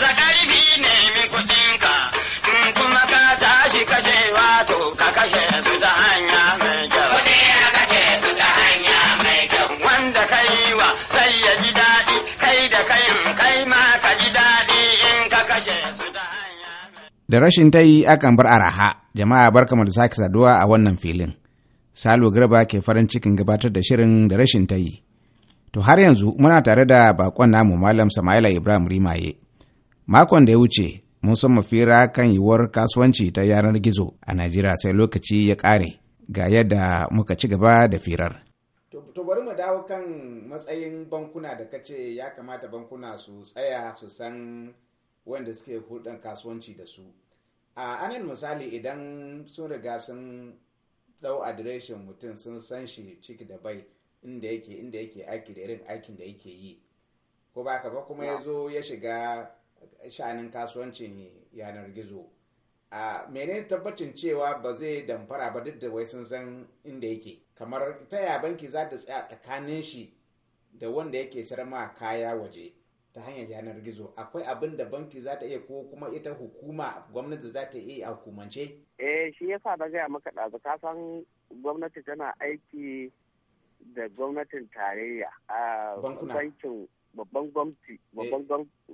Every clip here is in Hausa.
Baza ƙarfi ne min kuɗinka, in kuma ka tashi kashe wato ka kashe su ta hanya mai kyau. Kuɗi ya kashe su ta hanya mai kyau. Wanda ka yi wa sai ya ji daɗi, kai da kayan kai ma ka ji daɗi in ka kashe su ta hanya Da rashin ta yi akan bar araha, jama'a barkamu da sake saduwa a wannan filin. Salo Garba ke farin cikin gabatar da shirin da rashin ta yi. To har yanzu muna tare da bakon namu Malam Sama'ila Ibrahim Rimaye makon da ya wuce mun san mafira kan yiwuwar kasuwanci ta yanar gizo a najeriya sai lokaci ya kare ga yadda muka ci gaba da firar to bari mu dawo kan matsayin bankuna da kace ya kamata bankuna su tsaya su san wanda suke hudun kasuwanci da su a anan misali idan sun riga sun dau adireshin mutum sun san shi ciki da bai inda yake inda yake aiki da irin aikin da yake yi ko ba ka ba kuma ya zo ya shiga sha'anin kasuwancin yanar gizo a menene tabbacin cewa ba zai damfara ba duk da wai sun san inda yake kamar ta ya banki za ta tsaya tsakanin shi da wanda yake sarama kaya waje ta hanyar yanar gizo akwai abin da banki za ta iya ko kuma ita hukuma gwamnati za ta iya a hukumance eh shi yasa na gaya maka ɗazu ka san gwamnati tana aiki da gwamnatin tarayya a bankin babban eh.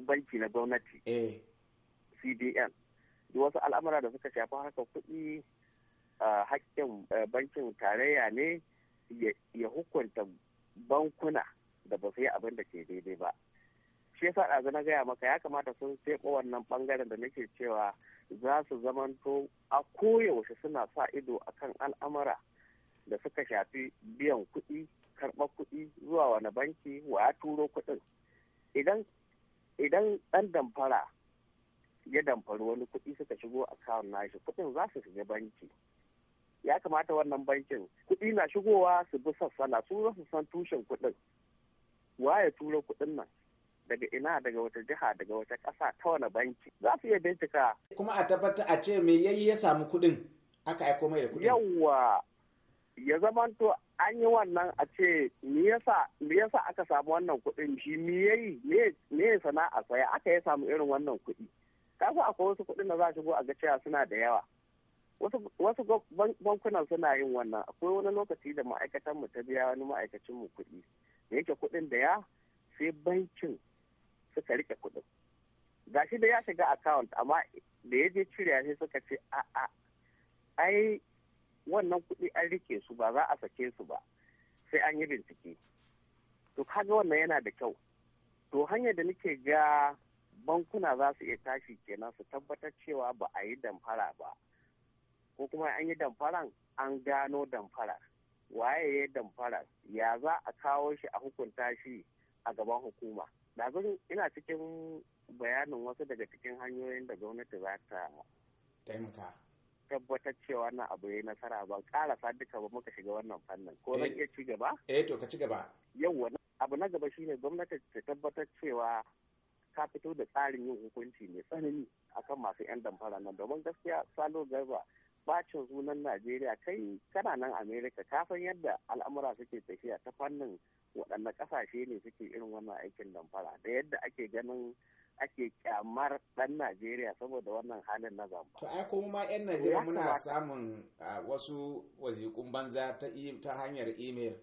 banki na gwamnati eh. cbn duk wasu al'amura da suka shafi harkar kuɗi hakkin bankin tarayya ne ya hukunta bankuna da ba su yi abin da ke daidai ba shi yasa ɗazu na gaya maka ya kamata sun seɓo wannan bangaren da nake cewa za su zamanto a koyaushe suna sa ido akan al'amura da suka shafi biyan kuɗi karɓar kuɗi zuwa wani banki wa ya turo kuɗin idan idan ɗan damfara ya damfari wani kuɗi suka shigo akawun nashi kuɗin za su shiga banki ya kamata wannan bankin kuɗi na shigowa su bi sassana su za su san tushen kuɗin wa ya turo kuɗin nan daga ina daga wata jiha daga wata ƙasa ta wani banki za su iya bincika kuma a tabbata a ce me yayi ya samu kuɗin aka aiko mai da kuɗin yawwa ya zamanto an yi wannan a ce me yasa aka samu wannan kuɗin shi me ya yi? me ya sana'a sai aka ya samu irin wannan kuɗi kasu akwai wasu kuɗin da za shigo a ga cewa suna da yawa wasu bankunan suna yin wannan akwai wani lokaci da ma'aikatan mu ta biya wani ma'aikacin mu kuɗi da yake kuɗin da ya sai bankin suka rike kuɗin gashi da ya shiga account amma da ya je cire sai suka ce a'a ai wannan kuɗi an rike su ba za a sake su ba sai an yi bincike to kaga wannan yana da kyau to hanyar da nake ga bankuna za su iya tashi kenan su tabbatar cewa ba a yi damfara ba ko kuma an yi damfaran an gano damfara waye ya damfara ya za a kawo shi a hukunta shi a gaban hukuma ɗazun ina cikin bayanin wasu daga cikin hanyoyin da gwamnati za ta taimaka tabbatar cewa wannan abu ya yi nasara ban karasa duka ba muka shiga wannan fannin ko zan eh. iya ci gaba eh to ka ci gaba yau abu na gaba shine gwamnati ta tabbatar cewa ka fito da tsarin yin hukunci mai tsanani akan masu yan damfara nan domin gaskiya salo garba bacin sunan najeriya kai kana nan america ka san yadda al'amura suke tafiya ta fannin waɗanne ƙasashe ne suke irin wannan aikin damfara da yadda ake ganin ake kyamar ɗan Najeriya saboda wannan halin na zamba. To ai kuma ma 'yan Najeriya muna samun wasu wazikun banza ta hanyar email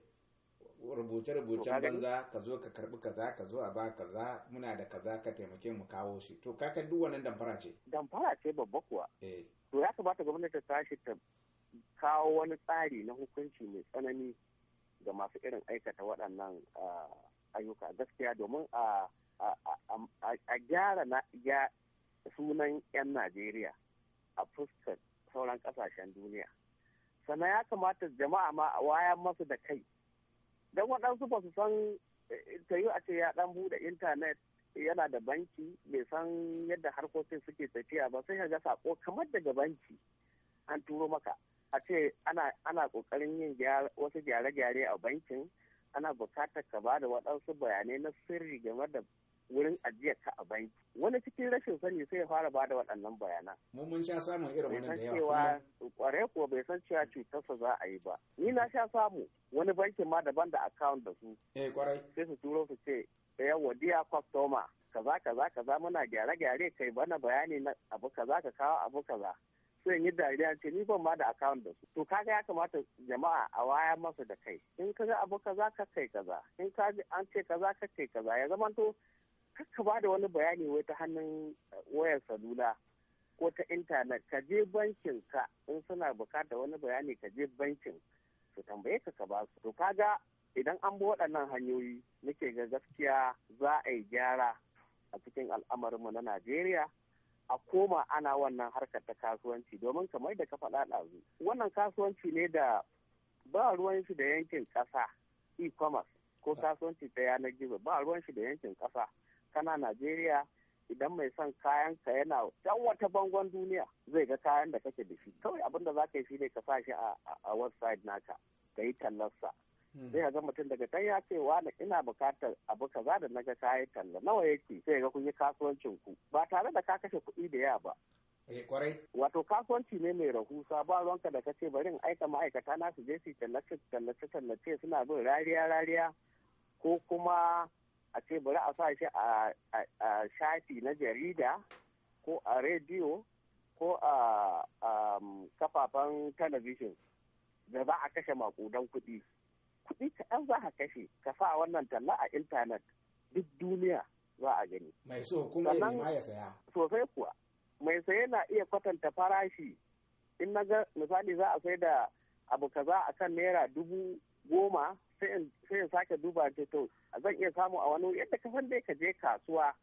rubuce-rubucen banza ka zo ka karbi kaza ka zo a ba kaza muna da kaza ka taimake mu kawo shi to kaka duk wannan damfara ce damfara ce babba kuwa eh. to ya kamata gwamnati ta tashi ta kawo wani tsari na hukunci mai tsanani ga masu irin aikata waɗannan ayyuka gaskiya domin a a gyara sunan 'yan Najeriya a fuskar sauran kasashen duniya. Sannan ya kamata jama'a ma a wayan masu da kai. Don waɗansu ba su san eh, eh, ta yi a ce ya ɗan buɗe intanet yana da banki bai san yadda harkokin suke tafiya ba sai ga sako kamar daga banki an turo maka a ce ana ƙoƙarin yin wasu gyare-gyare a bankin ana buƙatar ka ba da waɗansu bayanai na sirri game da wurin ajiyar ka a banki wani cikin rashin sani sai ya fara bada waɗannan bayanan mun mun sha samun irin wannan da yawa kware ko bai san cewa cutarsa za a yi ba ni na sha samu wani bankin ma daban da account da su eh kwarai sai su turo su ce yawa dear customer kaza kaza kaza muna gyare gyare kai bana bayani na abu kaza ka kawo abu kaza sai yi dariya ce ni ban ma da account da su to kaga ya kamata jama'a a waya masa da kai in kaga abu kaza ka kai kaza in kaji an ce kaza ka kai kaza ya zama ka ba da wani bayani wai ta hannun eh, wayar salula ko ta intanet ka je bankin ka in suna bukatar wani bayani ka je bankin su tambaye ka ka ba su to kaga idan an bi waɗannan hanyoyi nake ga gaskiya za a yi gyara a cikin al'amarinmu na najeriya a koma ana wannan harkar ta kasuwanci domin kamar da ka faɗa ɗazu wannan kasuwanci ne da ba ruwan shi da yankin ƙasa e-commerce ko kasuwanci ta yanar gizo ba ruwan shi da yankin ƙasa kana najeriya idan mai son kayan ka yana dan wata bangon duniya zai ga kayan da kake da shi kawai abinda za ka yi shine ka sa shi a website naka ka yi tallarsa zai hmm. ga mutum daga kan ya ce wa ina bukatar abu kaza da naga yi talla nawa yake sai ga kun yi kasuwancin ku ba tare da ka kashe kuɗi da yawa ba Eh, kwarai. Wato kasuwanci ne mai rahusa ba ruwanka da ce bari in aika ma'aikata na su je su tallace tallace tallace suna bin rariya rariya ko kuma a ce bari a sa shi a shafi na jarida ko a rediyo ko a um, kafafen talabijin da za a kashe makudan kuɗi kuɗi kaɗan za a kashe ka sa wannan talla a intanet duk duniya za a gani mai so kuma ya saya sosai kuwa mai saye na iya kwatanta farashi in na ga misali za a sai da abu kaza akan naira dubu goma sai in sake duba ta to zan iya samu a wani yadda ka san dai ka je kasuwa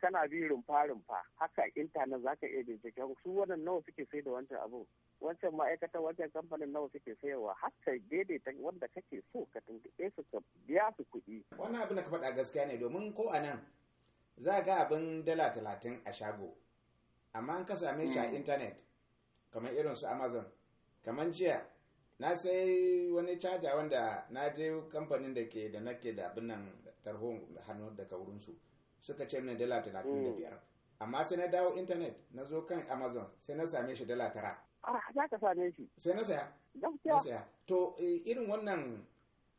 kana bi rumfa rumfa haka intanet za ka iya bincike su wannan nawa suke sai da wancan abu wancan ma'aikatan wancan kamfanin nawa suke sayarwa haka daidaita wanda kake so ka tuntuɓe su ka biya su kuɗi. wannan abu na ka faɗa gaskiya ne domin ko a nan za ga abin dala talatin a shago amma an ka same shi a hmm. intanet kamar irin su amazon kamar jiya na sai wani caja wanda na je kamfanin da ke da nake da abin nan tarho hannu daga wurinsu suka ce mini dala talatin da mm. biyar amma sai na dawo intanet na zo kan amazon sai na same shi dala tara ah, za ka same shi sai na saya na saya to eh, irin wannan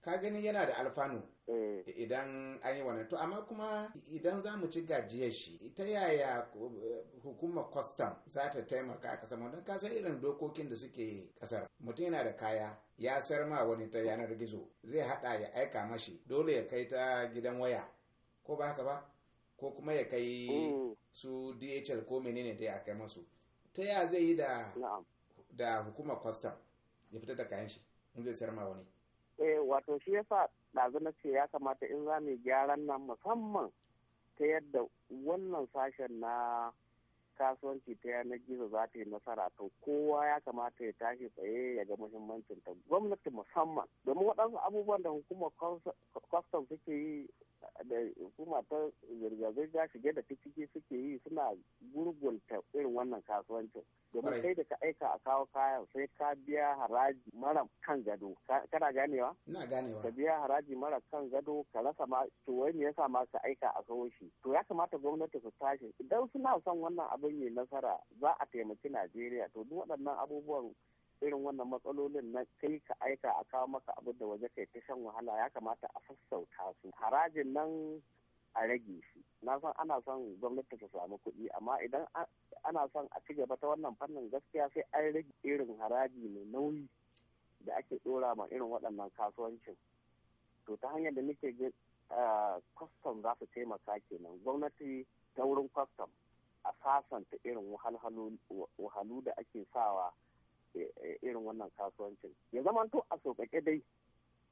ka gani yana da alfanu eh. idan an yi wannan to amma kuma idan za mu ci gajiyar shi ta yaya eh, hukumar kwastam za ta taimaka a kasar don kasar irin dokokin da suke kasar mutum yana da kaya ya sayar ma wani ta yanar gizo zai hada ya aika mashi dole ya kai ta gidan waya ko ba haka ba ko kuma ya kai mm. su dhl ko menene da ya kai masu ta yaya zai yi da hukumar kwastam ya fita da kayan shi in zai sayar ma wani eh wato shi yasa ɗazu na ce ya kamata in za mu gyaran nan musamman ta yadda wannan sashen na kasuwanci ta yanar gizo za ta yi nasara to kowa ya kamata ya tashi tsaye ya ga muhimmancin ta gwamnati musamman domin waɗansu abubuwan da hukumar kwastam suke yi da hukuma ta zirga-zirga shige da ciki suke yi suna gurgunta irin wannan kasuwanci domin sai da ka aika a kawo kayan sai ka biya haraji mara kan gado kana ganewa na ganewa ka biya haraji mara kan gado ka rasa ma to wai me yasa ma ka aika a kawo shi to ya kamata gwamnati su tashi idan suna son wannan abin yi nasara za a taimaki Najeriya to duk waɗannan abubuwan irin wannan matsalolin na kai ka aika a kawo maka abin da waje kai ta shan wahala ya kamata a sassauta su harajin nan a rage shi na san ana son gwamnati ta samu kuɗi amma idan ana son a ci gaba ta wannan fannin gaskiya sai an rage irin haraji mai nauyi da ake ɗora ma irin waɗannan kasuwancin to ta hanyar da nake kwastam za su taimaka kenan gwamnati ta wurin kwastam a sasanta irin wahalhalu da ake sawa Eh, irin wannan kasuwancin ya zamanto a sauƙaƙe dai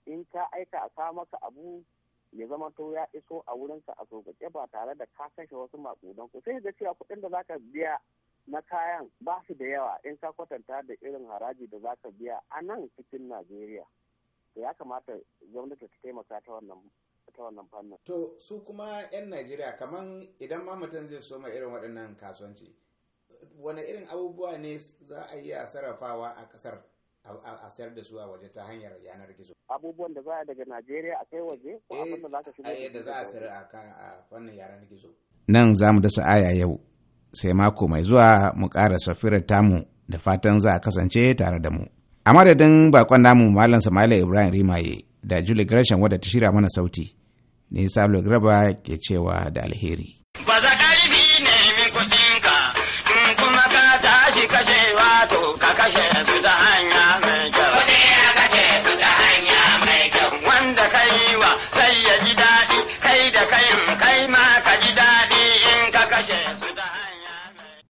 in ka aika a sa maka abu ya zamanto ya iso a wurinka a sauƙaƙe ba tare da ka kashe wasu maƙudan ku sai ga cewa kuɗin da zaka biya na kayan ba su da yawa in ka kwatanta da irin haraji da zaka biya a nan cikin najeriya to ya kamata gwamnati ta taimaka ta wannan fannin. To su kuma 'yan Najeriya kaman idan ma mutum zai soma irin waɗannan kasuwanci wane irin abubuwa ne za a yi a sarrafawa a kasar a sayar da su a waje ta hanyar yanar gizo abubuwan da za a daga najeriya a kai waje ko eh, abin da za ka da za a sayar a fannin yanar gizo nan za mu dasa aya yau sai mako mai zuwa mu ƙara safirar tamu da fatan za a kasance tare da mu a madadin bakon namu malam sama'ila ibrahim rimaye da julie gresham wadda ta shirya mana sauti ne salo graba ke cewa da alheri kashi kashewa to ka kashe su ta hanya mai kyau. Kuɗi ya kashe su ta hanya mai kyau. Wanda ka yi wa sai ya ji daɗi, kai da kayin kai ma ka ji daɗi in ka kashe su ta hanya.